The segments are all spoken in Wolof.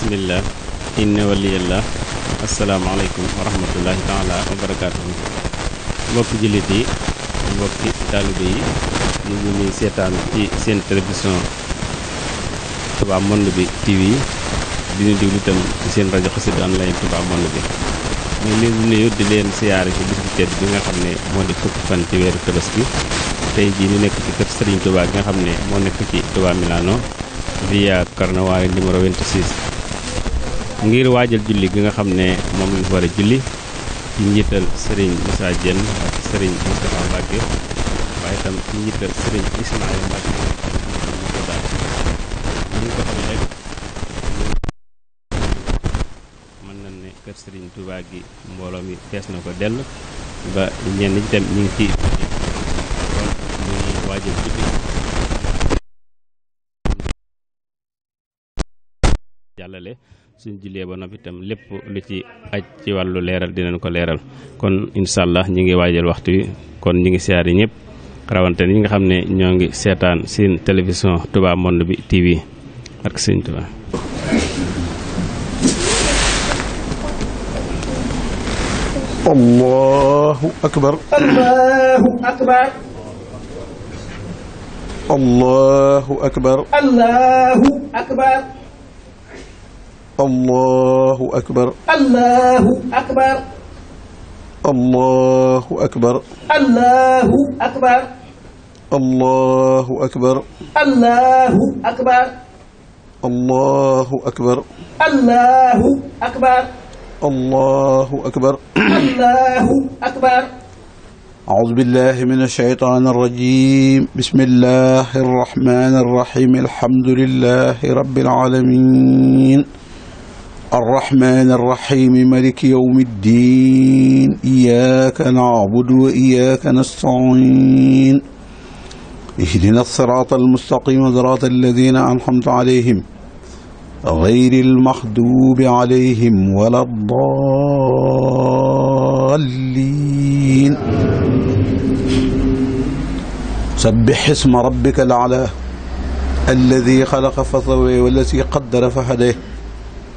bismillah inna waliyallah asalaamaaleykum wa rahmatullahi taala wa barakaatuhu mbokki jullit yi mbokki taalibe yi ñu ngi seetaan ci seen télévision Touba Monde bi TV di ñu déglu itam ci seen rajo xasida online Touba Monde bi ñu leen di nuyu di leen siyaare ci bis bi nga xam ne moo di fukki fan ci weeru Tabaski tey jii ñu nekk ci kër Serigne tubaa gi nga xam ne moo nekk ci Touba Milano via Carnevale numéro 26 ngir waajal julli bi nga xam ne moom lañ war a julli ci njiital sëriñ Moussa Diène ak sëriñ Moustapha Mbacke waaye itam ci njiital sëriñ Ismaïla Mbacke ñu ko ko xam rek mën nañ ne kër sëriñ Touba gi mbooloo mi fees na ko dell ba ñenn itam ñu ngi ci waajal julli jàllale suñ jullee ba noppi tam lépp lu ci aj ci wàllu leeral dinañ ko leeral kon incha allah ñi ngi waajal waxtu wi kon ñi ngi siyaar yi ñëpp rawante ñi nga xam ne ñoo ngi seetaan seen télévision Touba Monde bi TV ak sëñ allahu akbar allahu akbar allahu akbar allahu akbar allahu akbar allahu akbar allahu akbar allahu akbar allahu akbar allahu akbar allahu akbar أعوذ بالله من الشيطان الرجيم بسم الله الرحمن الرحيم الحمد لله رب العالمين الرحمن الرحيم ملك يوم الدين إياك نعبد وإياك نستعين اهدنا الصراط المستقيم صراط الذين أنعمت عليهم غير المخدوب عليهم ولا الضالين سبح اسم ربك الأعلى الذي خلق فسوى والذي قدر فهديه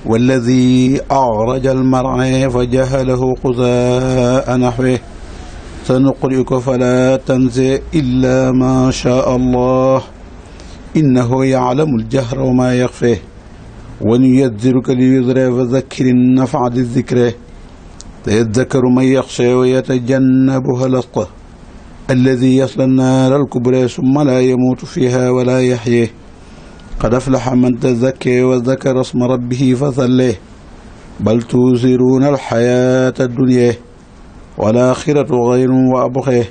والذي أعرج المرعى فجهله قزاء نحوه سنقرئك فلا تنسى إلا ما شاء الله إنه يعلم الجهر وما يخفيه ونيذرك ليذرى فذكر النفع للذكر سيذكر من يخشى ويتجنبها الأشقى الذي يصلى النار الكبرى ثم لا يموت فيها ولا يحييه qad aflaxa man tazakka wa zakara isma rabbihi fa sallee bal tuusiruuna alxayaata addunya walaaxiratu xayrun wa abqaa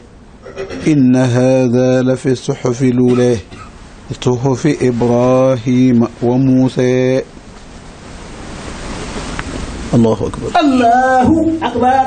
inna haadaa la fi suxufi luulee suxufi Ibraahiima wa Muusaa. Allaahu akbar. Allaahu akbar.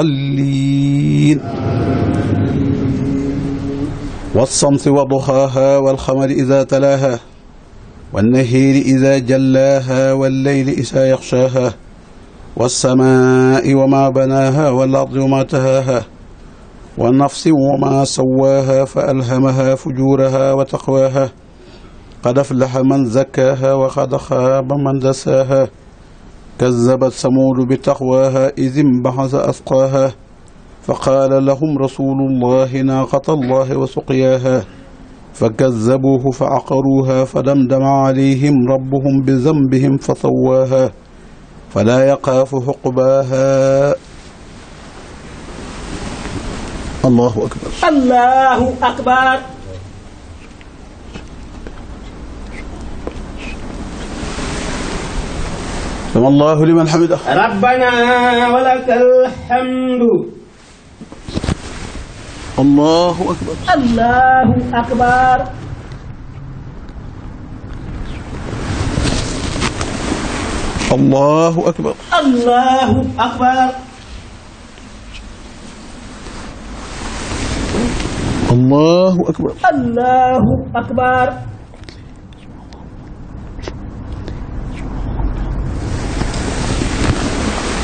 الضالين والشمس وضحاها والقمر إذا تلاها والنهير إذا جلاها والليل إذا يغشاها والسماء وما بناها والأرض وما تهاها والنفس وما سواها فألهمها فجورها وتقواها قد أفلح من زكاها وقد خاب من دساها كذبت ثمود بتقواها إذ انبعث أسقاها فقال لهم رسول الله ناقة الله وسقياها فكذبوه فعقروها فدمدم عليهم ربهم بذنبهم فسواها فلا يخاف عقباها الله أكبر الله أكبر sami Allahu liman hamidah. rabbana wa lakal hamdu. Allahu akbar. Allahu akbar. Allahu akbar. Allahu akbar. Allahu akbar. Allahu akbar.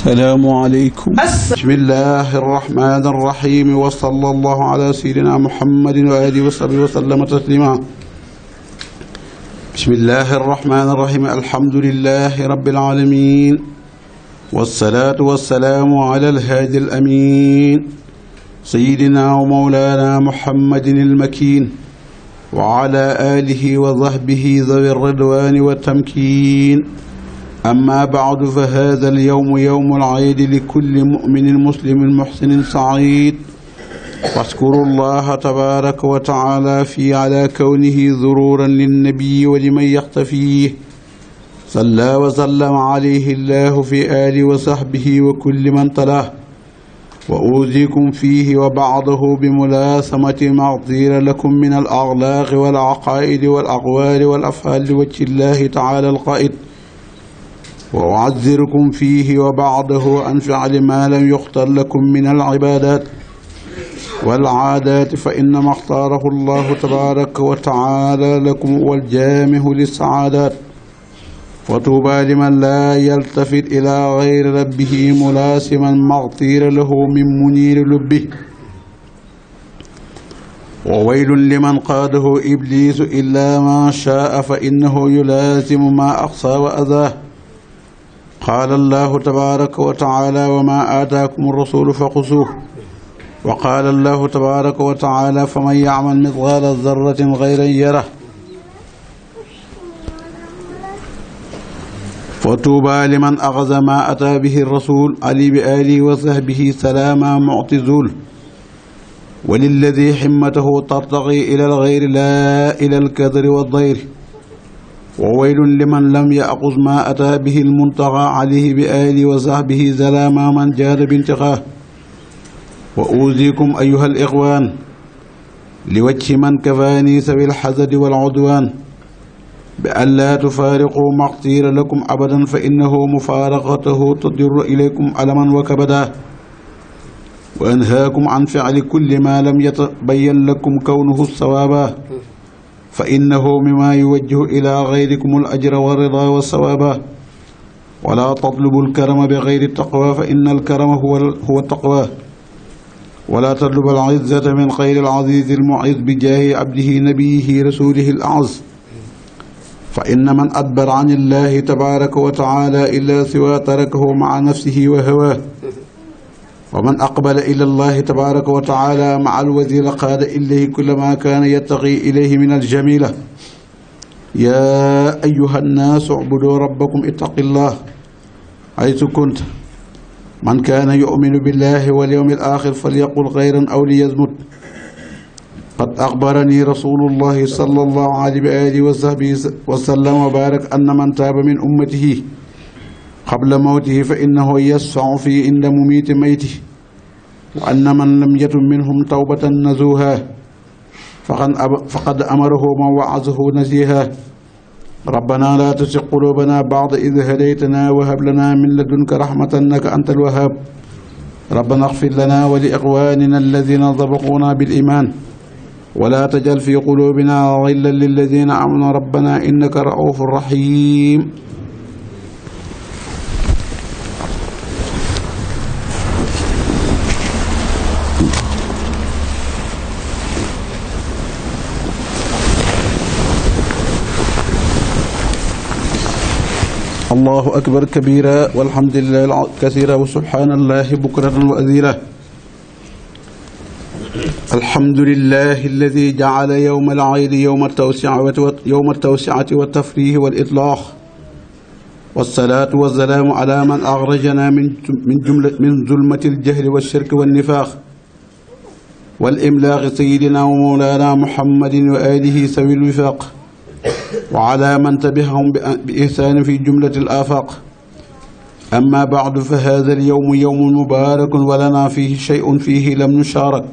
asalaamualeykum bismillahi arrahmani arrahim wa sallallahu ala sayidina muhammadin wa alihi wa sahbihi wa sallama taslima bismillahi arrahmani arrahim alhamdulilahi rabbil alamin والصلاة والسلام على الهادي الأمين سيدنا ومولانا محمد المكين وعلى آله وصحبه ذوي الرضوان والتمكين أما بعد فهذا اليوم يوم العيد لكل مؤمن مسلم محسن سعيد واشكروا الله تبارك وتعالى في على كونه ذرورا للنبي ولمن يختفيه صلى وسلم عليه الله في آله وصحبه وكل من تلاه وأوذيكم فيه وبعضه بملاسمة معطير لكم من الأغلاق والعقائد والأقوال والأفعال لوجه الله تعالى القائد وأعذركم فيه وبعده أنفع لما لم يختر لكم من العبادات والعادات فإنما اختاره الله تبارك وتعالى لكم والجامع للسعادات وطوبى لمن لا يلتفت إلى غير ربه ملاسما مغطير له من منير لبه وويل لمن قاده إبليس إلا ما شاء فإنه يلازم ما أقصى وأذاه qaala allahu tabaaraka wa taala wa maa aataakum rasulu fa xusuuh wa qaala allahu tabaaraka wa taala fa man yacmal mitqaala darratin xayran yarah fa tuuba liman axaza maa ataa bihi rasul ali bi aalihi wa sahbihi salaama mucti zuul wa lilladi himmatahu tartaqi ila alxayri laa ila alkadri waddayri وويل لمن لم يأخذ ما أتى به المنطقى عليه بآله وصحبه زلاما من جاد بانتقاه وأوزيكم أيها الإخوان لوجه من كفاني سوي الحسد والعدوان بأن لا تفارقوا ما اختير لكم أبدا فإنه مفارقته تضر إليكم ألما وكبدا وأنهاكم عن فعل كل ما لم يتبين لكم كونه الصوابا fa innahu mima yuwajjihu ila gayrikum al ajra wa rida wa sawaaba wala tatlubu alkarama bi gayri taqwa fa inna alkarama huwa taqwa wala tatlubu al izzata min gayri al azizi al muiz bi jaahi abdihi nabiyihi rasulihi al aaz fa inna man adbara an illahi tabaraka wa taala illa siwa tarakahu maa nafsihi wa hawaa ومن أقبل إلى الله تبارك وتعالى مع الوزير قاد إليه كل ما كان يتقي إليه من الجميلة يا أيها الناس اعبدوا ربكم اتق الله حيث كنت من كان يؤمن بالله واليوم الآخر فليقل خيرا أو ليزمت قد أخبرني رسول الله صلى الله عليه وآله وصحبه وسلم وبارك أن من تاب من أمته qabla mawtihi fa innahu yasfau fi inda mumiiti mayti wa anna man lam yatub minhum tawbatan nazuha faqad amarahu man waazahu nasiha rabbana la tusi qulubana bada id hadaytana wa hab lana min ladunka rahmatan innaka anta alwahhab rabbana ighfir lana wa li ikhwanina alladhina sabaquna bil iman ولا تجعل في قلوبنا غلا للذين آمنوا ربنا إنك رؤوف رحيم allahu akbar kabira walhamdulilah kasira wa subhanallahi bukratan wa azira alhamdulilah alladi jacala yowma alcaydi yowma altawsiati waltafrihi walitlaax walsalaatu walsalaamu ala man axrajana min zulmati aljahli walshirki walnifaaq walimlaaqi sayidina wa mawlana muhammadin wa alihi sawi lwifaaq وعلى من تبعهم بإحسان في جملة الآفاق أما بعد فهذا اليوم يوم مبارك ولنا فيه شيء فيه لم نشارك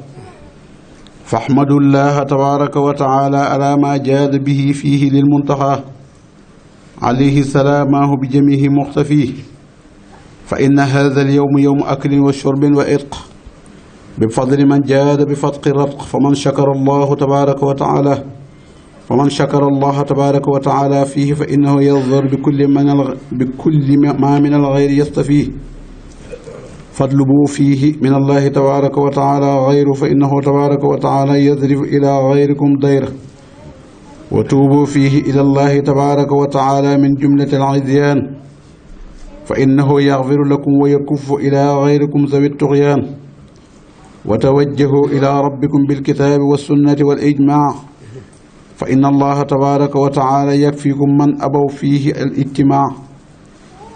فاحمدوا الله تبارك وتعالى على ما جاد به فيه للمنتهى عليه سلامه بجميع مختفيه فإن هذا اليوم يوم أكل وشرب وإرق بفضل من جاد بفتق الرتق فمن شكر الله تبارك وتعالى fa man shakara allaha tabaraka wa taala fiihi fa innahu yanzur bi kulli man bi kulli ma min alxayri yastafiih fadlubu fiihi min allahi tabaraka wa taala xayru fa innahu tabaraka wa taala yadribu ila xayrikum dayra wa tuubu fiihi ila allahi tabaraka wa taala min jumlati alisyaan fa innahu yaxfiru lakum wa yakuffu ila xayrikum zawi tuxyaan wa tawajjahu ila rabbikum bilkitaabi wassunnati walijmaa fa inna allaha tabaraka wa taala yakfikum man abaw fihi al ijtimaa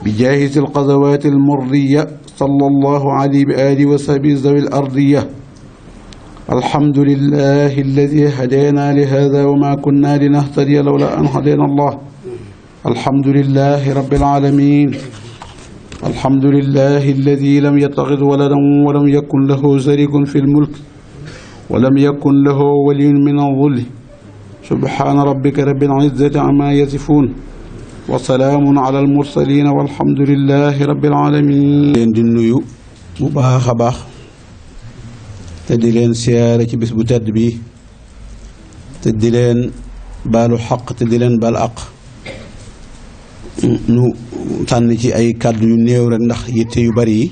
bi jaahisi al qazawati al murdiya sallallahu alayhi wa alihi wa sahbihi zawi al ardiya alhamdulillahi alladi hadana li hada wa ma kunna linahtadiya lawla an hadana allah alhamdulillahi rabbil alamin الحمد لله الذي لم يتخذ ولدا ولم يكن له شريك في الملك ولم يكن له ولي من الظل subhaana rabbika rabbil izzati ammaa yasifuun wa salaamun ala almursaliin walhamdulillahi rabbil aalamiin leen di nuyu bu baax a baax te di leen siyaare ci bis bu tedd bi te di leen baalu xaq te di leen baal aq ñu tànn ci ay kàddu yu néew rek ndax yitte yu bari yi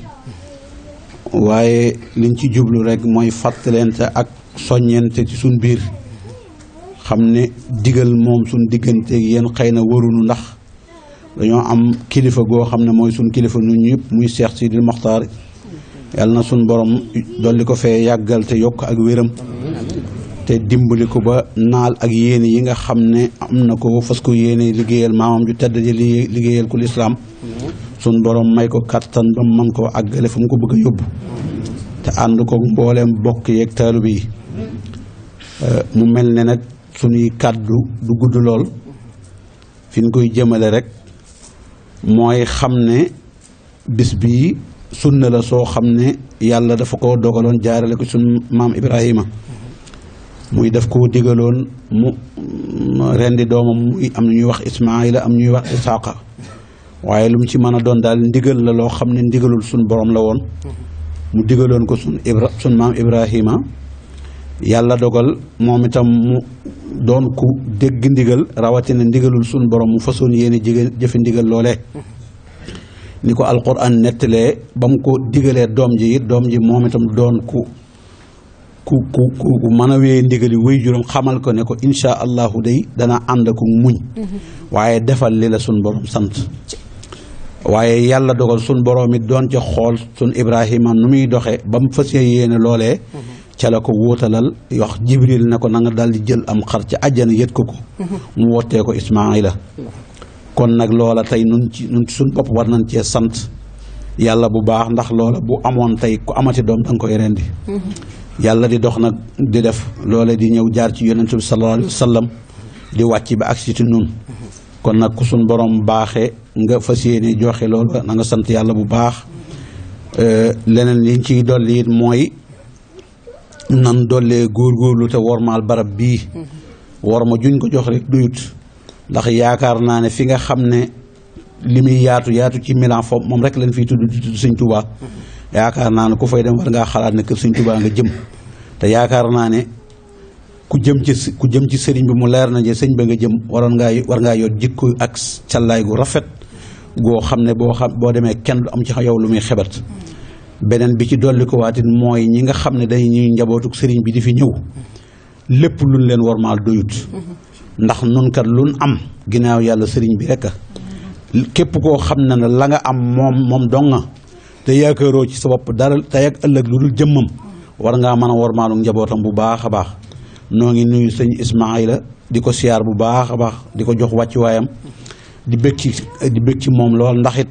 waaye liñ ci jublu rekk mooy fàttalente ak soññente ci suñ biir xam ne digal moom suñ diggante yéen xëy na warunu ndax dañoo am kilifa goo xam ne mooy suñ kilifa nu ñëpp muy Seex Sidil Maxtaar yàlla na suñ borom dolli ko fee yàggal te yokk ak wéram te dimbali ko ba naal ak yéen yi nga xam ne am na ko fas ko yéene liggéeyal maamam ju tedd ji liggéeyal ko lislaam suñ borom may ko kattan ba man koo àggale fu mu ko bëgg a yóbbu te ànd ko mbooleem bokk yeeg taalu bi mu mel ne nag suñuy kàddu du gudd lool fi ñu koy jëmale rek mooy xam ne bis bii na la soo xam ne yàlla dafa ko dogaloon jaarale ko suñu maam Ibrahima muy def ko digaloon mu rendi doomam muy am ñuy wax Ismaayila am ñuy wax Isaaqa waaye lu mu ci mën a doon daal ndigal la loo xam ne ndigalul suñu borom la woon mu digaloon ko suñu Ibra suñu maam Ibrahima yàlla dogal moom itam mu doon ku dégg ndigal rawatina ndigalul sunu borom mu fasoon yéene jigéen jëfe ndigal loole ni ko alquran nettalee ba mu ko digalee doom ji doom ji moom itam doon ku ku ku ku mën ndigal yi wéy juróom xamal ko ne ko insha allahu day dana ànd ak muñ waaye defal li la sunu borom sant waaye yàlla dogal sunu borom it doon ca xool sunu Ibrahima nu muy doxe ba mu fas yéene loolee ca la ko wóotalal yox jibril na ko na nga di jël am xar ci àjjana yët ko ko mu wottee ko ismaila kon nag loola tey nun ci nun suñ bopp war nañ cee sant yàlla bu baax ndax loola bu amoon tey ku amati doom da nga koy rendi yàlla di dox nag di def loola di ñëw jaar ci yonent bi sallallahu alayhi wa di wàcc ba agsi ci nun kon nag ku suñ borom baaxe nga fas yéene joxe loola nanga nga sant yàlla bu baax euh, leneen liñ ciy dolli it mooy nan dollee góorlu te wormaal barab bii mm-hmm. worma juñ ko jox rek doyut ndax yaakaar naa ne fi nga xam ne li muy yaatu yaatu ci Milan foofu moom rek lañ fiy tudd di tudd Sëñ Tuubaa mm-hmm. yaakaar naa ne ku fay dem war ngaa xalaat ne kër Sëñ Tuubaa nga jëm te yaakaar naa ne ku jëm ci ku jëm ci sëriñ bi mu leer na ne sëñ ba nga jëm waroon ngaa war ngaa yor jikko ak callaay gu rafet goo xam ne boo xam boo demee kenn du am ci yow lu muy xebat mm-hmm. beneen bi ci dolli ko waatit mooy ñi nga xam ne dañuy njabootuk sëriñ bi di fi ñëw lépp luñ leen warmaal doyut ndax nun kat luñ am ginnaaw yàlla sëriñ bi rek képp koo xam ne ne la nga am moom moom donga te yaakaaroo ci sa bopp dara tey ak ëllëg lu dul jëmmam war ngaa mën a warmaalu njabootam bu baax a baax noo ngi nuyu sëñ Ismaayla di ko siyaar bu baax a baax di ko jox wàccuwaayam di bëgg ci di bëgg ci moom lool ndax it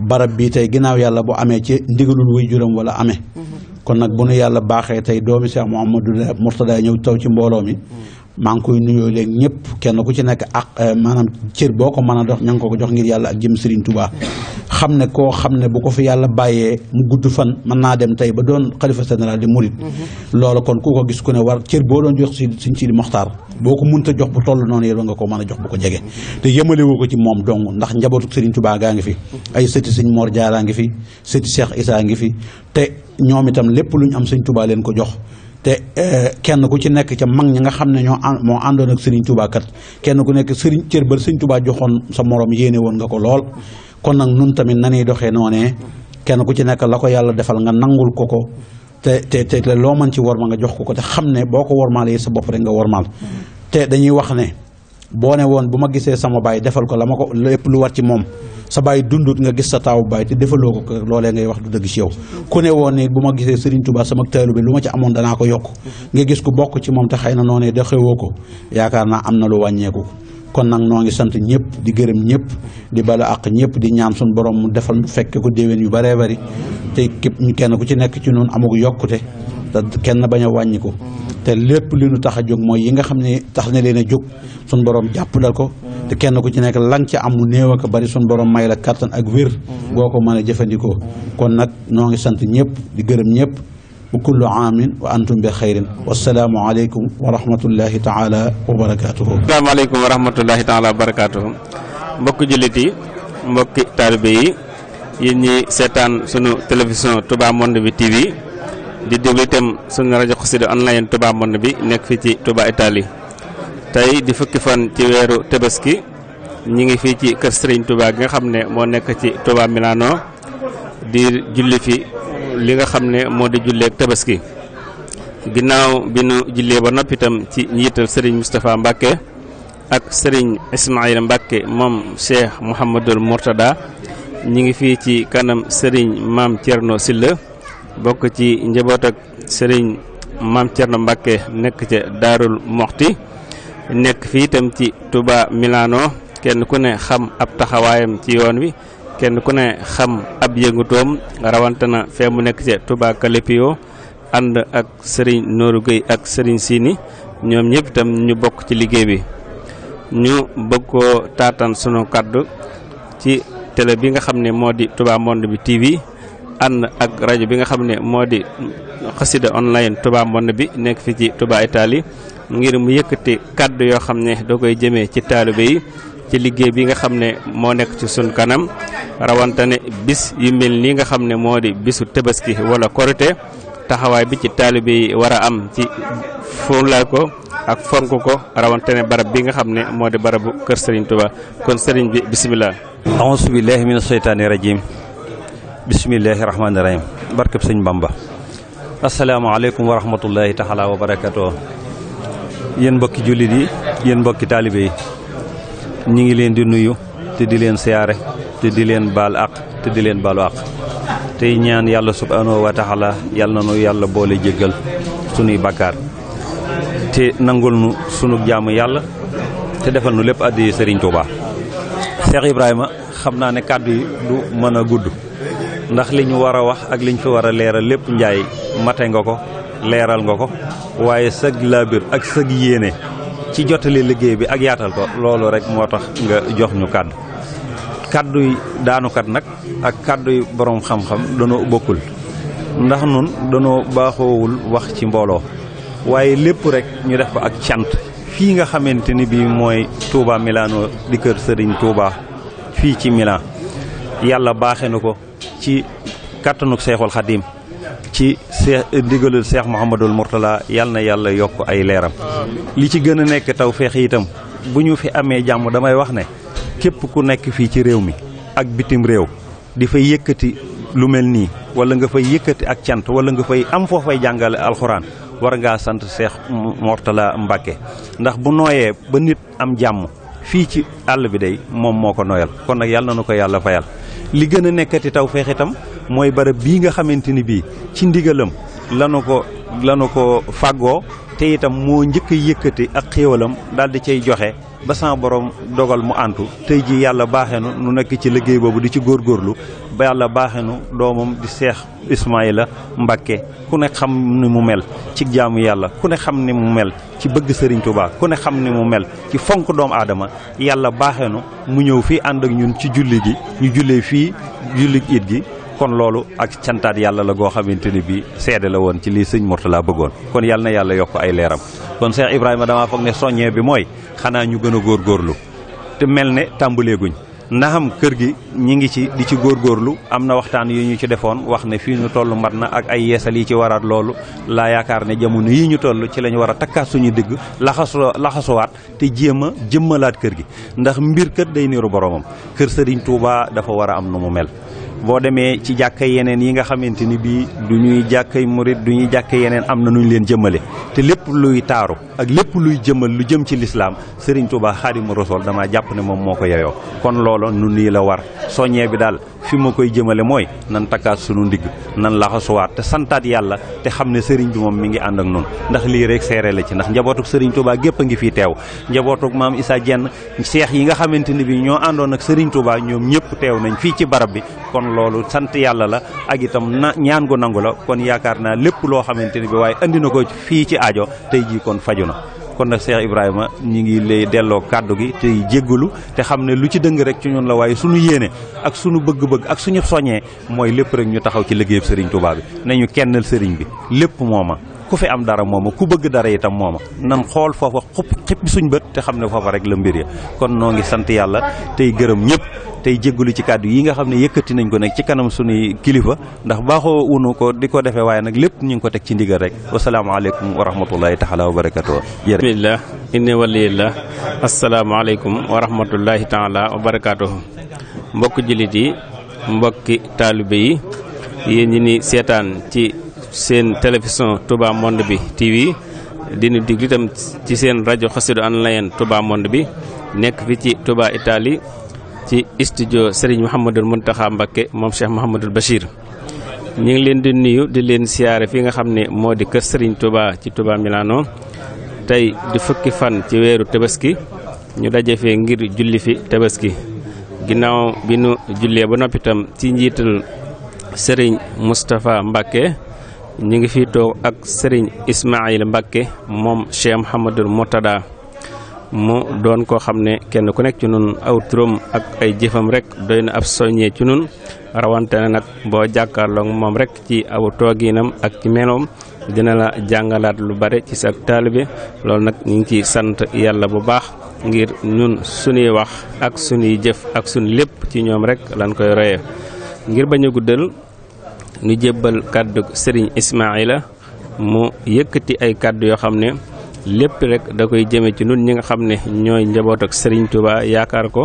barab bi tey ginnaaw yàlla bu amee ci ndigalul wuy juróom wala amee kon nag bu nu yàlla baaxee tey doomi Cheikh Mouhamadou Mourtada ñëw taw ci mbooloo mi maa ngi koy nuyoo léegi ñëpp kenn ku ci nekk ak eh, maanaam cër boo ko mën a dox ña ngi ko ko jox ngir yàlla ak jëm Serigne Touba xam ne koo xam ne bu ko fi yàlla bàyyee mu gudd fan mën naa dem tey ba doon xalifa sénéral di murit mm-hmm. loolu kon ku ko gis ku ne war cër boo doon jox si suñ Sidi Moxtaar boo ko munta jox bu toll noonu yow nga ko mën a jox bu ko jege mm-hmm. te yëmalewoo ko ci moom dong ndax njabootu Sëriñ Tubaa gaa ngi fi mm-hmm. ay sëti sëñ Moor Jaaraa ngi fi sëti Seex Isaa ngi fi te ñoom itam lépp lu ñu am sëñ Tubaa leen ko jox te eh, kenn ku ci nekk ca mag ñi nga xam ne ñoo moo àndoon ak Sëriñ Tubaa kenn ku nekk sëriñ cër ba sëñ Tubaa joxoon sa moroom yéene woon nga ko lool kon nag nun tamit nanuy doxee noonee kenn ku ci nekk la ko yàlla defal nga nangul ko ko te te te loo mën ci worma nga jox ko ko te xam ne boo ko wormaalee sa bopp rek nga wormaal te dañuy wax ne boo ne woon bu ma gisee sama baay defal ko la ma ko lépp lu war ci moom sa baay dundut nga gis sa taawu baay te defaloo ko ko loolee ngay wax du dëgg ci yow ku ne woon ne bu ma gisee Serigne Touba sama taalu bi lu ma ci amoon danaa ko yokk nga gis ku bokk ci moom te xay na noonee doxewoo ko yaakaar naa am na lu wàññeeku. kon nag noo ngi sant ñëpp di gërëm ñëpp di balu àq ñëpp di ñaan suñu borom mu defal fekkee ko déwén yu baree bari te képp ñu kenn ku ci nekk ci noonu amagu yokkute te kenn bañ a wàññi ko te lépp li nu tax a jóg mooy yi nga xam ne tax na leen a jóg suñu borom jàppale ko te kenn ku ci nekk lan ci am mu néew ko bari suñu borom may la kattan ak wér boo ko mën a jëfandikoo kon nag noo ngi sant ñëpp di gërëm ñëpp wa kullu aamin wa antum bi xayrin wasalaamu aleykum wa rahmatullahi taala wa barakatuhu mbokki jullit yi mbokki taalibe yi yéen ñi seetaan sunu télévision Touba Monde bi TV di déglu sunu rajo xasida online Touba Monde bi nekk fii ci Touba Italie tey di fukki fan ci weeru Tabaski ñi ngi fii ci kër Serigne Touba gi nga xam ne moo nekk ci Touba Milano di julli fi li nga xam ne moo di julleeg tabaski ginnaaw bi nu jullee ba noppitam ci njiital sëriñ Moustapha Mbacke ak sëriñ Ismaïla Mbacke moom Cheikh Mouhamadul Mourtada ñi ngi fii ci kanam sëriñ mam Thierno Silla bokk ci njaboot ak sëriñ maam Thierno Mbacke nekk ca Daarul Moxti nekk fii itam ci Touba Milano kenn ku ne xam ab taxawaayam ci yoon wi. kenn ku ne xam ab yëngutoom rawante na fee mu nekk ci tubaa Calepio ànd ak sëriñ Nooru ak sëriñ Sini ñoom ñëpp itam ñu bokk ci liggéey bi ñu bëgg ko taataan sunu kàddu ci télé bi nga xam ne moo di Touba Monde bi TV ànd ak rajo bi nga xam ne moo di xasida online Touba Monde bi nekk fi ci Touba Italie ngir mu yëkkati kàddu yoo xam ne doo koy jëmee ci taalibe yi ci liggéey bi nga xam ne moo nekk ci sun kanam rawantane bis yu mel nii nga xam ne moo di bisu tabaski wala korite taxawaay bi ci taalibe yi war a am ci fulal ko ak fonk ko rawantane barab bi nga xam ne moo di barabu kër sëriñ Tuubaa kon sëriñ bi bisimilah. aousu billahi mina seytaani rajim bisimilahi rahmaani rahim barkab sëñ Bamba. asalaamaaleykum wa rahmatullahi taala wa barakaatu. yéen mbokki jullit yi yéen mbokki taalibe yi. ñi ngi leen di nuyu te di leen siyaare te di leen baal àq te di leen baalu àq tey ñaan yàlla subhaanahu wa taala yàlla na nu yàlla boole jéggal sunuy bakkaar te nangul nu sunu jàmm yàlla te defal nu lépp addi sëriñ Touba. Cheikh Ibrahima xam naa ne kàddu yi du mën a gudd ndax li ñu war a wax ak li ñu fi war a leeral lépp njaay mate nga ko leeral nga ko waaye sëg laabir ak sëg yéene. ci jottali liggéey bi ak yaatal ko loolu rek moo tax nga jox ñu kàddu kàddu yi daanukat nag ak kàddu yi boroom xam-xam danoo bokkul ndax nun danoo baaxoowul wax ci mbooloo waaye lépp rek ñu def ko ak cant fii nga xamante ni bii mooy tuuba Milano di kër Serigne Touba fii ci Milan yàlla baaxe na ko ci kàttanuk Seexul Xadiim ci seex ndigalul seex Mouhamadul Mourtala yal na yàlla yokk ay leeram li ci gën a nekk taw feex itam bu ñu fi amee jàmm damay wax ne képp ku nekk fii ci réew mi ak bitim réew di fay yëkkati lu mel nii wala nga fay yëkkati ak cant wala nga fay am foo fay jàngale alxuraan war ngaa sant seex Mourtala Mbacke ndax bu nooyee ba nit am jàmm fii ci àll bi dey moom moo ko nooyal kon nag yàlla na ko yàlla fayal. li gën a nekkati taw feex itam mooy barab bii nga xamante ni bii ci ndigalam lanu ko lanu ko fagoo te itam moo njëkk a ak xéewalam daal di cay joxe ba sama borom dogal mu antu tey ji yàlla baaxe nu nu nekk ci liggéey boobu di ci góor góorlu ba yàlla baaxee baaxenu doomam di seex Ismaïla Mbacke ku ne xam ni mu mel ci jaamu yàlla ku ne xam ni mu mel ci bëgg Serigne Touba ku ne xam ni mu mel ci fonk doomu aadama yàlla baaxenu mu ñëw fii ànd ak ñun ci julli gi ñu jullee fii julli it gi kon loolu ak cantaat yàlla la goo xamante ni bii seede la woon ci lii sëñ Mourtala bëggoon kon yàlla na yàlla yokk ay leeram kon Cheikh Ibrahima dama foog ne soññee bi mooy xanaa ñu gën a góorlu te mel ne tàmbaleeguñ ndaxam kër gi ñi ngi ci di ci góorlu am na waxtaan yu ñu ci defoon wax ne fii ñu toll mat na ak ay yeesal yi ci waraat loolu laa yaakaar ne jamono yi ñu toll ci lañ war a takkaat suñu digg laxaso laxasuwaat te jéem a jëmmalaat kër gi ndax mbir kër day niru boromam kër Sëriñ Tuubaa dafa war a am nu mu mel boo demee ci jàkkay yeneen yi nga xamante ni bii du ñuy jàkkay murit du ñuy jàkkay yeneen am na nu leen jëmale te lépp luy taaru ak lépp luy jëmal lu jëm ci lislaam Serigne Touba Xaadimu Rasuul damaa jàpp ne moom moo ko yeyoo kon loola nu nii la war soññee bi daal fi ma koy jëmale mooy nan takkaat sunu ndigg nan laxasuwaat te santaat yàlla te xam ne sëriñ bi moom mi ngi ànd ak noonu ndax lii rek seere la ci ndax njabootuk Serigne Touba gépp a ngi fi teew njabootuk maam Issa Dieng seex yi nga xamante ni bi ñoo àndoon ak Serigne Touba ñoom ñëpp teew nañ fii ci barab bi loolu sant yàlla la ak itam na ñaan gu nangu la kon yaakaar naa lépp loo xamante ni bi waaye andi na ko fii ci ajo tey jii kon faju na kon nag Cheikh Ibrahima ñi ngi lay delloo kàddu gi tey jéggalu te xam ne lu ci dëng rek ci ñun la waaye suñu yéene ak suñu bëgg-bëgg ak suñu soññee mooy lépp rek ñu taxaw ci liggéeyub sëriñ Touba bi nañu kennal sëriñ bi lépp mooma ku fi am dara mooma ku bëgg dara itam mooma nan xool foofa xup xip suñ bët te xam ne foofa rek la mbir ya kon noo ngi sant yàlla tey gërëm ñëpp tey jéggalu ci kàddu yi nga xam ne yëkkati nañ ko nag ci kanam suñuy kilifa ndax baaxoo wunu ko di ko defee waaye nag lépp ñu ngi ko teg ci ndigal rek wasalaamaaleykum wa rahmatullahi taala wa barakatu bismillah inne waliyillah asalaamaaleykum wa rahmatullahi taala wa barakatuhu mbokk jullit yi mbokki taalibe yi yéen ñi ni seetaan ci seen télévision Touba Monde bi TV di nu diglu itam ci seen rajo xasidu online Touba Monde bi nekk fi ci Touba Italie ci studio Serigne Mouhamadul Mountakha Mbacké moom Cheikh Mouhamadul Bachir. ñu ngi leen di nuyu di leen siyaare fi nga xam ne moo di kër Serigne Touba ci Touba Milano tey di fukki fan ci weeru tabaski ñu daje ngir julli fi tabaski ginnaaw bi nu jullee ba noppi itam ci njiital Serigne Moustapha Mbacké. ñu ngi fi toog ak Serigne Ismaïl Mbakke moom Cheikh Mouhamadul Moutada mu doon koo xam ne kenn ku nekk ci nun aw trom ak ay jëfam rekk doy na ab soññee ci nun rawante na nag boo jàkkaarloog moom rek ci aw toogiinam ak ci meloom dina la jàngalaat lu bare ci sa taalibe loolu nag ñu ngi ciy sant yàlla bu baax ngir ñun suñuy wax ak suñuy jëf ak suñ lépp ci ñoom rekk lañ koy royee ngir bañ a guddal nu jébbal kàddu sëriñ Ismaila mu yëkkati ay kàddu yoo xam ne lépp rek da koy jëme ci nun ñi nga xam ne ñooy njaboot ak sëriñ Touba yaakaar ko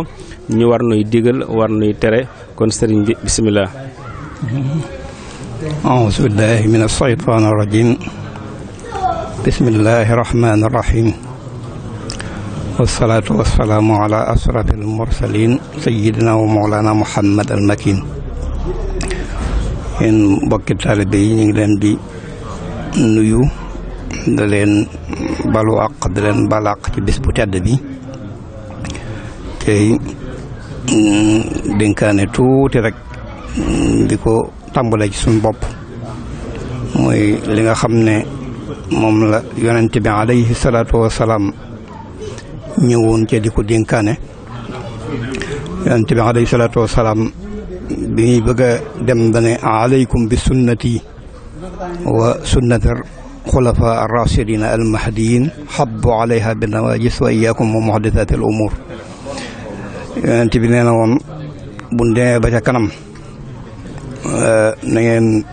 ñu war nuy digal war nuy tere kon sëriñ bi bisimilah. أعوذ بالله من الشيطان الرجيم بسم الله الرحمن الرحيم والصلاة والسلام على yéen mbokki taalibe yi ngi leen di nuyu da leen balu àq ci bis bu tedd bi tey mm, dénkaane tuuti rek mm, di ko tàmbale ci suñu bopp mooy li nga xam ne moom la yonent bi alayhi salaatu wasalaam ñëwoon ca di ko dénkaane yonent bi salaatu wasalaam bi ñuy bëgg a dem dane alaykum bi sunnati wa sunnati xulafa arrachidina almahdiyin xabbu alayha bi nawajis wa iyakum wa muhadisati al umur yonent bi nee na woon bu demee ba ca kanam na ngeen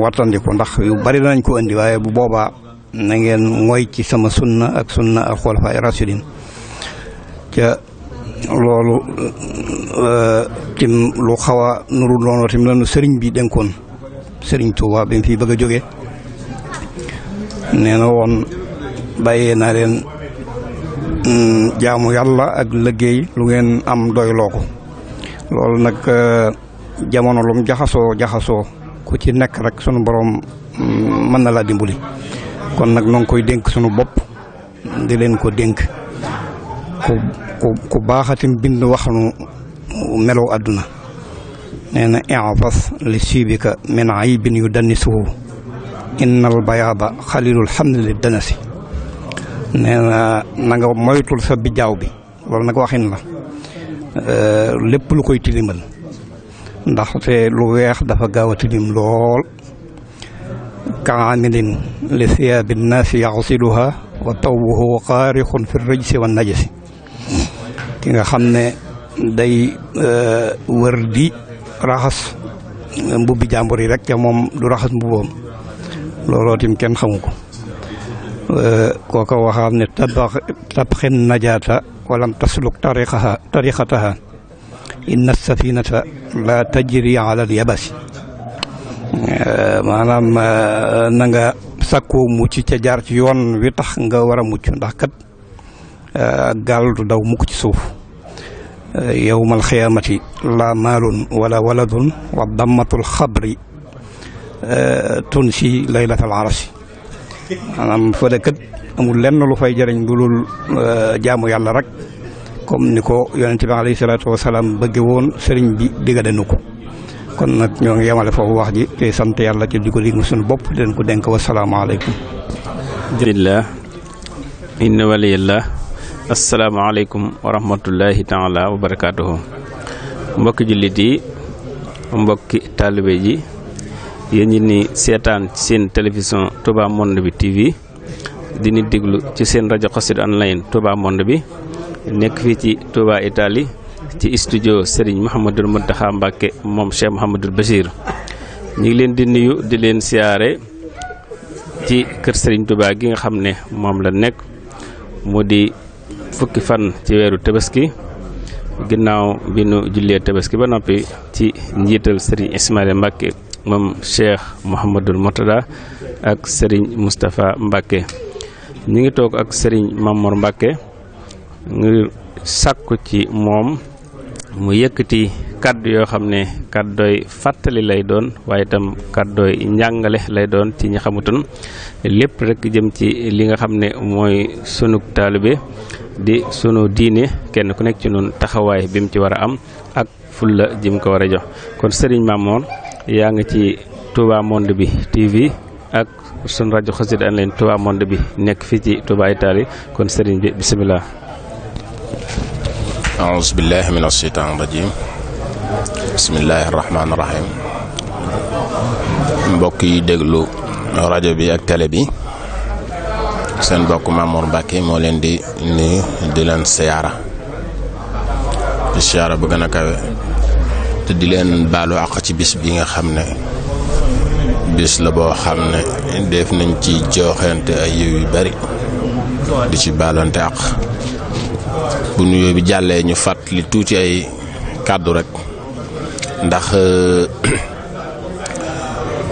wartandiku ndax yu bari danañ ko indi waaye bu boobaa na ngeen mooy ci sama sunna ak sunna ak xulafa arrachidin ca loolu eh, tim lu xaw a nuru noonu tim lanu sëriñ bi dénkoon sëriñ Tuuba bi mu fi jóge nee na woon bàyyee naa leen mm, jaamu yàlla ak liggéey lu ngeen am doyloo ko loolu nag eh, jamono lum jaxasoo jaxasoo ku ci nekk rek sunu borom mm, mën na laa dimbali kon nag noo koy dénk sunu bopp di leen ko dénk ku ku baaxatim bind wax nu melow àdduna nee na i'fas li siibika min aybin yu dannisuhu innal bayaada xalilul xamdi li danasi nee na na nga moytul sa bijaaw bi loolu nag waxin la euh, lépp lu koy tilimal ndaxte lu weex dafa gaaw a tilim lool kaamilin li siyaabi nnaasi yaxsiluha wa tawbuhu qaarixun fi rëjsi wa najasi nga xam ne day euh, wër di raxas mbubbi jàmbur yi rek te moom du raxas mbubboom looloo kenn xamu ko euh, kooko waxaam ne tabax tabxin najaata walam tasluk tariqaha inna safinata la tajri ala yabasi euh, maanaam na nga mucc ca jaar ci yoon wi tax nga war mucc ndax kat gaal du daw mukk ci suuf yowma alxiyaamati laa maalun wala waladun wa dammatul xabri tunsi laylatal arasi maanaam fa dëkkat amul lenn lu fay jëriñ lu dul jaamu yàlla rek comme ni ko yonente bi alayhi salaatu bëgge woon sëriñ bi diggale nu ko kon nag ñoo ngi yemale foofu wax ji te sant yàlla ci di ko dig suñu bopp di leen ko dénk wasalaamaaleykum. jërëjëf. inna waliyallah asalaamaaleykum wa rahmatullahi taala wa barakaatuhu mbokki jullit yi mbokki taalibe ji yéen ñi ni seetaan ci seen télévision Touba Monde bi TV di ni déglu ci seen rajo xasid online Touba Monde bi nekk fii ci Touba Italie ci studio Serigne Mouhamadul Mountakha Mbacké moom Cheikh Mouhamadul Bachir ñu ngi leen di nuyu di leen siyaare ci kër Serigne Touba gi nga xam ne moom la nekk mu di. fukki fan ci weeru tabaski ginnaaw bi nu jullee tabaski ba noppi ci njiital sëriñ Ismaila Mbàkke moom Cheikh Mouhamadul Mourtada ak sëriñ mustafa Mbàkke ñu ngi toog ak sëriñ Mamor Mbàkke ngir sàkku ci moom mu yëkkati kàddu yoo xam ne kàddooy fàttali lay doon waaye itam kàddooy njàngale lay doon ci ñi xamutoon lépp rek jëm ci li nga xam ne mooy sunug taalibe di sunu diine kenn ku nekk ci noonu taxawaay bi mu ci war a am ak fulla jim ko war a jox kon sëriñ Mamoor yaa ngi ci Touba Monde bi TV ak sunu rajo xasit an leen Touba Monde bi nekk fii ci Touba Italie kon sëriñ bi bisimilah. aouzu billahi min asheytaan rajim bismillahi rahmaani rahim mbokk yi déglu rajo bi ak télé bi seen bokk Mamour Mbacke moo leen di nuyu di leen siyaara di siyaara bu gën a kawe te di leen baalu àq ci bis bi nga xam ne bis la boo xam ne def nañ ci jooxeente ay yiw yu bari di ci baalante àq bu nuyoo bi jàllee ñu fàttali tuuti ay kàddu rek ndax euh,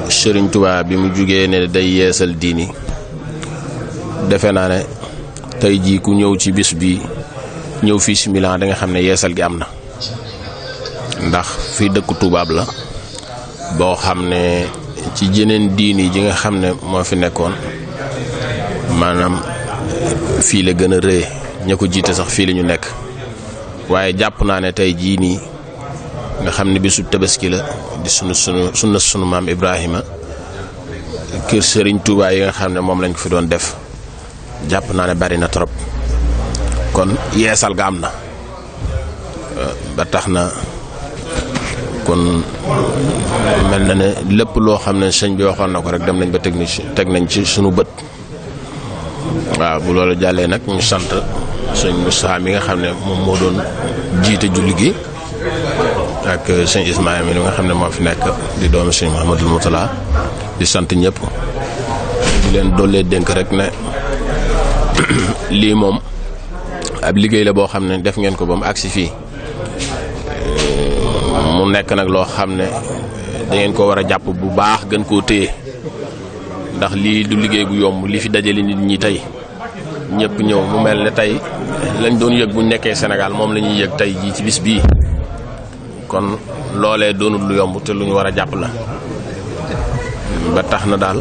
Sëriñ Tuubaa bi mu jógee ne day yeesal diini defe naa ne tey jii ku ñëw ci bis bi ñëw fii si Milan da nga xam ne yeesal gi am na ndax fii dëkku tubaab la boo xam ne ci jeneen diini ji nga xam ne moo fi nekkoon maanaam fii la gën a rëy ña jiite sax fii la ñu nekk waaye jàpp naa ne tey jii nii nga xam ne bisu tabaski la di sunu sunu sunna sunu maam Ibrahima kër Serigne Touba yi nga xam ne moom lañ ko fi doon def. jàpp naa ne bari na trop kon yeesal ga am na ba tax na kon mel na ne lépp loo xam ne sëñ bi waxoon na ko rek dem nañ ba technique teg nañ ci sunu bët waaw bu loolu jàllee nag ñu sant sëñ Moustapha mi nga xam ne moom moo doon jiite julli gi ak sëñ Ismaïla mi nga xam ne moo fi nekk di doomi sëñ Mouhamadul Moutala di sant ñëpp di leen dollee dénk rek ne lii moom ab liggéey la boo xam ne def ngeen ko ba mu agsi fii euh, mu nekk nag loo xam ne euh, dangeen ko war a jàpp bu baax gën koo téye ndax lii du liggéey bu yomb li fi dajale nit ñi tey ñépp ñëw mu mel ne tey lañ doon yëg bu nekkee Sénégal moom la ñuy yëg tey jii ci bis bii kon loolee doonul lu yomb te lu ñu war a jàpp la ba tax na daal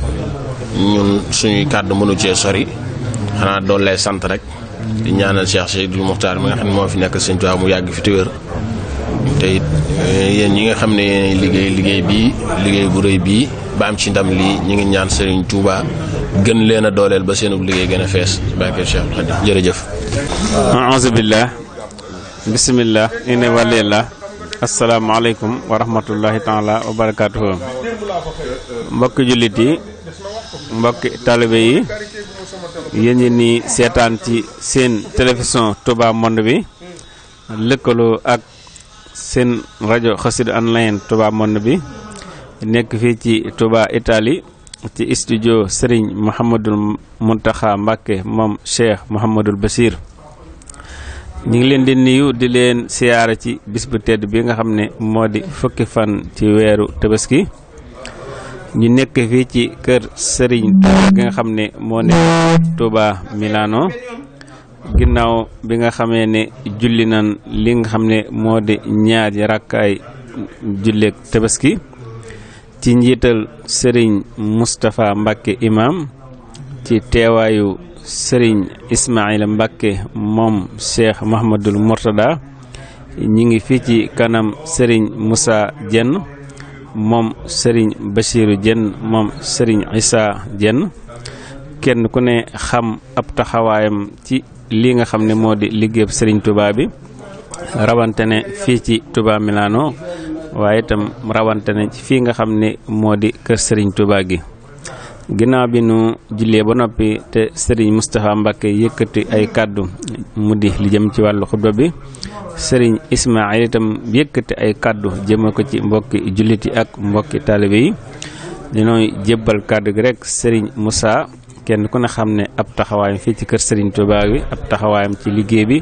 ñun suñuy kàddu mënu cee sori xanaa doon lay sant rek di ñaanal Cheikh Seydou Moukhtar mi nga xam ne moo fi nekk seen Tuubaa mu yàgg fi te wér te eh, ñi nga xam ne liggéey liggéey bii liggéey bu rëy bii ba am ci ndam lii ñu ngi ñaan Serigne Touba gën leen a dooleel ba seenub liggéey gën a fees barke Cheikh Khadim jërëjëf aouzu billah bismillah ine walillah asalaamaaleykum wa rahmatullahi taala wa barakaatuhu mbokki jullit yi mbokki talibe yi yéen ñi ni seetaan ci seen télévision Touba Monde bi lëkkaloo ak seen rajo Xassida online Touba Monde bi nekk fii ci Touba itali ci studio Serigne Mouhamadul Mountakha Mbacké moom Cheikh Mouhamadul Bachir ñu ngi leen di nuyu di leen siyaara ci bis tedd bi nga xam ne moo di fukki fan ci weeru Tabaski ñu nekk fii ci kër sëriñ Talla gi nga xam ne moo nekk Touba Milano ginnaaw bi nga xamee ne julli nan li nga xam ne moo di ñaari rakkaay julleek tabaski ci njiital sëriñ mustafa Mbacke imam ci teewaayu sëriñ Ismaila Mbacke moom Cheikh Mahmadul Mortada ñi ngi fii ci kanam sëriñ Moussa jenn moom sëriñ Basiiru Dieng moom sëriñ Issa Dieng kenn ku ne xam ab taxawaayam ci lii nga xam ne moo di liggéeyub sëriñ Touba bi rawante ne fii ci Touba Milano waaye itam rawante ne fii nga xam ne moo di kër sëriñ tubaab gi ginnaaw bi nu jullee ba noppi te sëriñ Moustapha Mbacke yëkkati ay kàddu mu di li ci wàllu xutba bi sëriñ Ismaayil itam yëkkati ay kàddu jëme ko ci mbokki jullit yi ak mbokki taalibe yi dinooy jébbal kàddu gi rek sëriñ Moussa kenn ku ne xam ne ab taxawaayam fii ci kër sëriñ Touba bi ab taxawaayam ci liggéey bi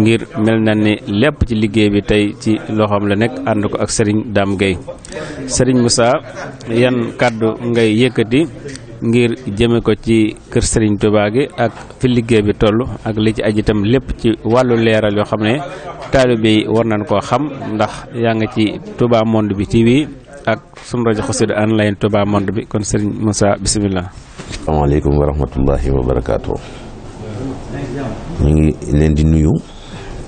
ngir mel na ni lépp ci liggéey bi tey ci loxoom la nekk ànd ko ak sëriñ Dame Gueye sëriñ Moussa yan kàddu ngay yëkkati ngir jëme ko ci kër sëriñ Touba gi ak fi liggéey bi toll ak li ci aju itam lépp ci wàllu leeral yoo xam ne taalibe yi war nañ koo xam ndax yaa ngi ci Touba Monde bi TV ak sunu rajo xasida online Touba Monde bi kon Serigne Moussa bisimilah. asalaamaaleykum wa rahmatullahi ñu ngi leen di nuyu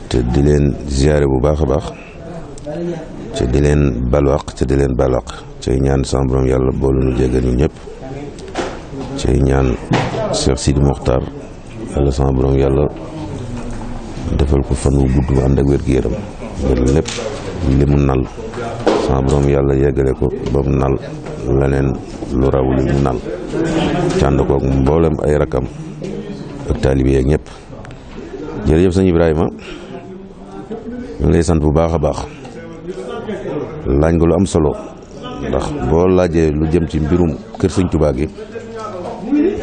te di leen ziare bu baax a baax. te di leen balwaq te di leen balwaq te ñaan sama borom yàlla boolu nu jéggal ñu ñëpp. ci ay ñaan Cheikh Sidi Mokhtar yàlla sama borom yàlla defal ko fan wu gudd bu ànd ak wér gu lépp li mu nal sama borom yàlla yeggale ko ba mu nal leneen lu raw li nal cànd koog mboolem ay rakam ak taalibe yeeg ñëpp jërëjëf sëñ Ibrahima ñu lay sant bu baax a baax laaj nga lu am solo ndax boo laajee lu jëm ci mbirum kër sëñ Tuubaa gi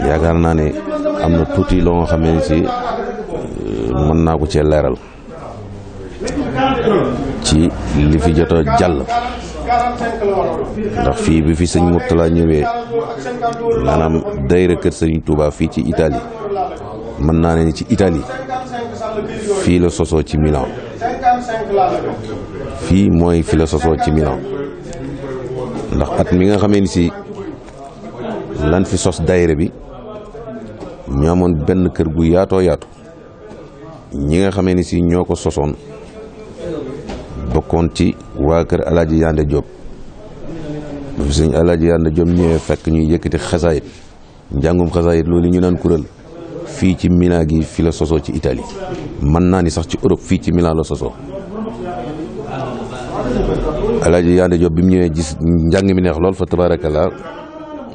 yaakaar naa ne am na tuuti loo nga xamee ne si euh, mën naa ko cee leeral ci li fi jot a jàll ndax fii bi fi sëñ Mourtala ñëwee maanaam daayira kër sëñ Touba fii ci Italie mën naa ne ci Italie fii la sosoo ci Milan fii mooy fi la sosoo ci Milan ndax at mi nga xamee ni si lan fi sos dayre bi ñu amoon benn kër gu yaatoo yaatu ñi nga xamee ni si ñoo ko sosoon bokkoon ci waa kër alaaji Yande Diop bu sëñ alaaji fekk ñuy yëkkati xasaayit njàngum xasaayit loolu ñu naan kuréel fii ci Milan gi fi la sosoo ci Italie mën naa ni sax ci Europe fii ci Milan la sosoo alaaji Yande Diop bi mu ñëwee gis njàng mi neex lool fa tabaarakallaa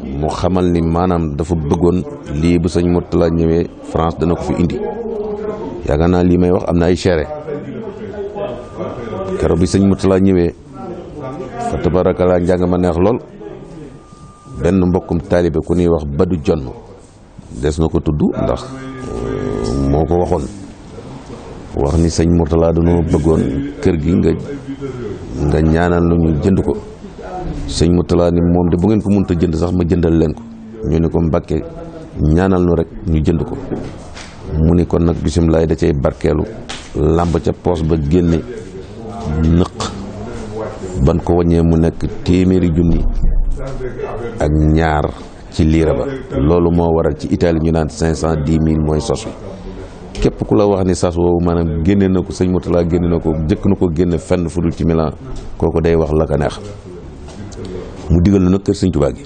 mu xamal ni maanaam dafa bëggoon lii bu sëñ Mourtala ñëwee France dana ko fi indi yaakaar naa lii may wax am na ay chéré keroog bi sëñ Mourtala ñëwee fa tabarakalaa njàng ma neex lool benn mbokkum taalibe ku ñuy wax Badu Jonn des na ko tudd ndax euh, moo ko waxoon wax ni sëñ Mourtala dañoo bëggoon kër gi nga nga ñaanal lu jënd ko sëñ Moutala ni moom de bu ngeen ko mënut a jënd sax ma jëndal leen ko ñu ni ko Mbàkke ñaanal nu rek ñu jënd ko mu ni kon nag bisimilaay da cay barkeelu làmb ca poos ba génne nëq ban ko waññee mu nekk téeméeri junni ak ñaar ci liira ba loolu moo waral ci Italie ñu naan cinq cent dix mille mooy sos wi képp ku la wax ni sas woowu maanaam génne na ko sëñ Moutala génne na ko jëkk na ko génne fenn fu ci Milan kooku day wax la ko neex mu digal nu nag kër sëñ Tuubaa gi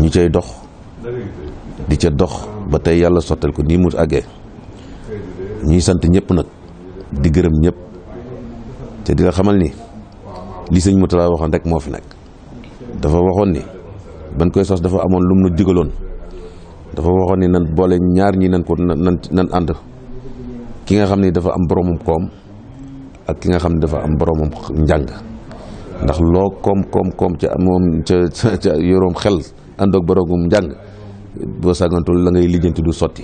ñu cay dox di ca dox ba tey yàlla sottal ko nii mu àggee ñuy sant ñëpp nag di gërëm ñépp te di la xamal ni li sëñ laa waxoon rek moo fi nekk dafa waxoon ni ban koy sos dafa amoon lu mu nu digaloon dafa waxoon ni nan boole ñaar ñi nan ko nan nan ànd ki nga xam ni dafa am boromam koom ak ki nga xam ni dafa am boromam njàng ndax loo koom koom koom ca moom ca ca yoroom xel ànd ak boroomum njàng boo sàggantul la ngay lijjanti du sotti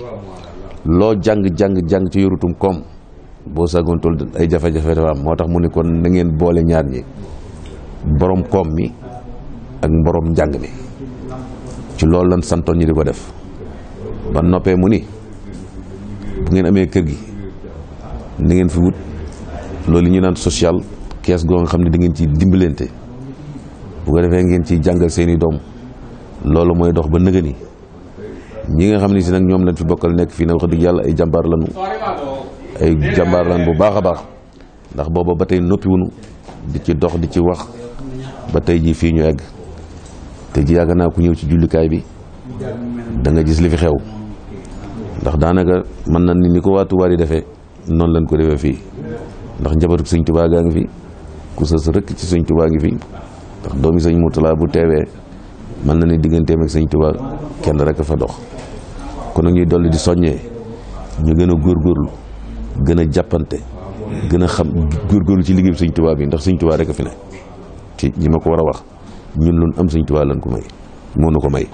loo jàng jàng jàng ci yorutum koom boo sàggantul ay jafe-jafe dafa moo tax mu ne kon na ngeen boole ñaar ñi boroom koom mi ak borom njàng mi ci loolu lan santoon ñi di ko def ba noppee mu ni bu ngeen amee kër gi na ngeen fi wut loolu ñu naan social kees goo nga xam ne da ngeen ci dimbalante bu ko defee ngeen ci jàngal seeni doom loolu mooy dox ba nëgëni ñi nga xam ne si nag ñoom lañ fi bokkal nekk fii nag wax dëgg yàlla ay jàmbaar ay jàmbaar lan bu baax a baax ndax booba ba tey noppiwunu di ci dox di ci wax ba tey jii fii ñu egg te yàgg naa ku ñëw ci jullikaay bi danga nga gis li fi xew ndax daanaka mën na ni ni ko waatuwaar yi defee noonu lañ ko defee fii ndax njabootu sëñ Tuubaa gaa ngi fii ku sës rekk ci sëñ tubaa ngi fi ndax doomi sëñ Murtala bu teewee mën na ne digganteem ak sëñ tubaa kenn rek a fa dox kon nag ñuy dolli di soññee ñu gën a góor góorgóorlu gën a jàppante gën a xam góorgóorlu ci liggéey sëñ tubaa bi ndax sëñ tubaa rek a fi ne ci ñi ma ko war a wax ñun loolu am sëñ tubaa lan ko may moo na ko may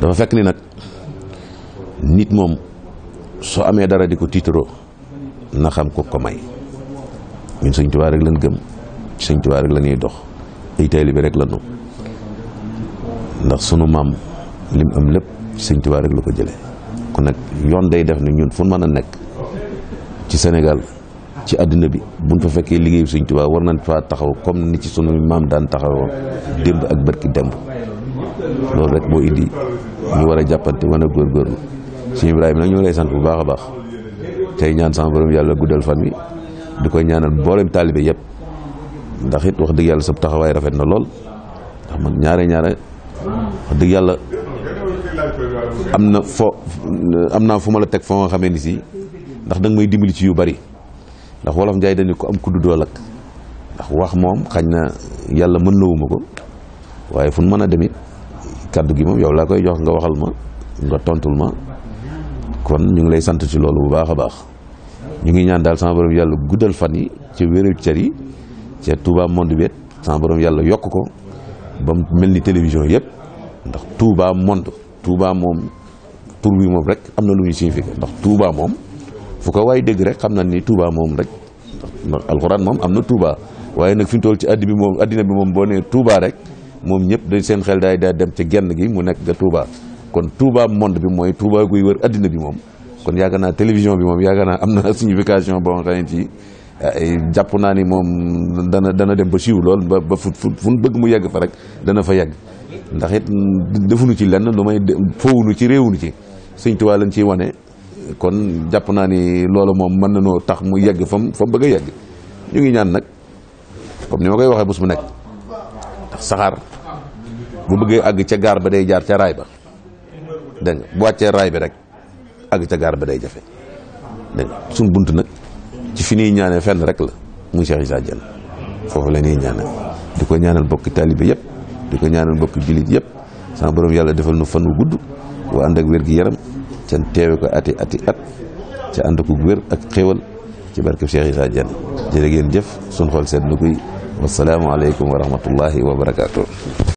dafa fekk ni nag nit moom soo amee dara di ko tiitaroo na xam ko ko may ñun sëñ Tuubaa rek lañ gëm sëñ Tuubaa rek la dox ay taalibe rek la ñu ndax sunu maam lim am lépp sëñ Tuubaa rek la ko jëlee kon nag yoon day def ne ñun fu mën a nekk ci senegal ci àddina bi buñ fa fekkee liggéeyu sëñ Tuubaa war nañ faa taxaw comme ni ci sunu maam daan taxawoo démb ak bërki demb loolu rek moo indi ñu war a jàppante mën a góorgóorlu sëñ Ibrahima nag ñu lay sant bu baax a baax tey ñaan sama borom yàlla guddal fan bi di koy ñaanal mboolem taalibe yëpp ndax it wax dëgg yàlla sab taxawaay rafet na lool ndax man ñaare ñaare wax dëgg yàlla am na fo am naa fu ma la teg foo nga xamee ni si ndax danga may dimbali ci yu bari ndax wolof njaay dañu ko am kuddu dool ak ndax wax moom xañ na yàlla mën na wuma ko waaye fu mën a demit kàddu gi moom yow laa koy jox nga waxal ma nga tontul ma kon ñu ngi lay sant ci loolu bu baax a baax ñu ngi ñaan daal sama borom yàlla guddal fan yi ci wéeru cër yi ca Touba Monde bi sama borom yàlla yokk ko ba mu mel ni télévision yëpp ndax Touba Monde Touba moom tur bi moom rek am na lu ñu signifié ndax Touba moom fu ko waay dégg rek xam na ni Touba moom rek ndax alxuraan moom am na Touba waaye nag fi ñu toll ci addi bi moom addina bi moom boo nee Touba rek moom ñëpp dañ seen xel daay daay dem ci genn gi mu nekk nga Touba kon Touba Monde bi mooy Touba guy wër addina bi moom. kon yaakaar naa télévision bi moom yaakaar naa am na signification boo xam ne jàpp naa ni moom dana dana dem ba siw lool ba ba fu fu bëgg mu yegg fa rek dana fa yegg ndax it defuñu ci lenn lu may fowuñu ci réewuñu ci Sëñ Tuubaa lañ ciy wane kon jàpp naa ni loolu moom mën na noo tax mu yegg fa mu fa bëgg a yegg ñu ngi ñaan nag comme ni ma koy waxee bus mu nekk ndax saxaar bu bëggee àgg ca gaar ba day jaar ca raay ba dégg nga bu wàccee raay bi rek. àgg ca gaar ba day jafe dégg suñ bunt nag ci fi ñuy ñaanee fenn rek la mu Cheikh Issa Diène foofu la ñuy ñaanal di ko ñaanal bokki taalibe yëpp di ko ñaanal bokki jullit yëpp sama borom yàlla defal nu fan wu gudd wa ànd ak wér yaram ca teewe ko ati ati at ca ànd ko wér ak xéwal ci barkeb Cheikh Issa Diène jërë ngeen jëf sun xool seet na koy wasalaamualeykum wa rahmatullahi wa barakaatu.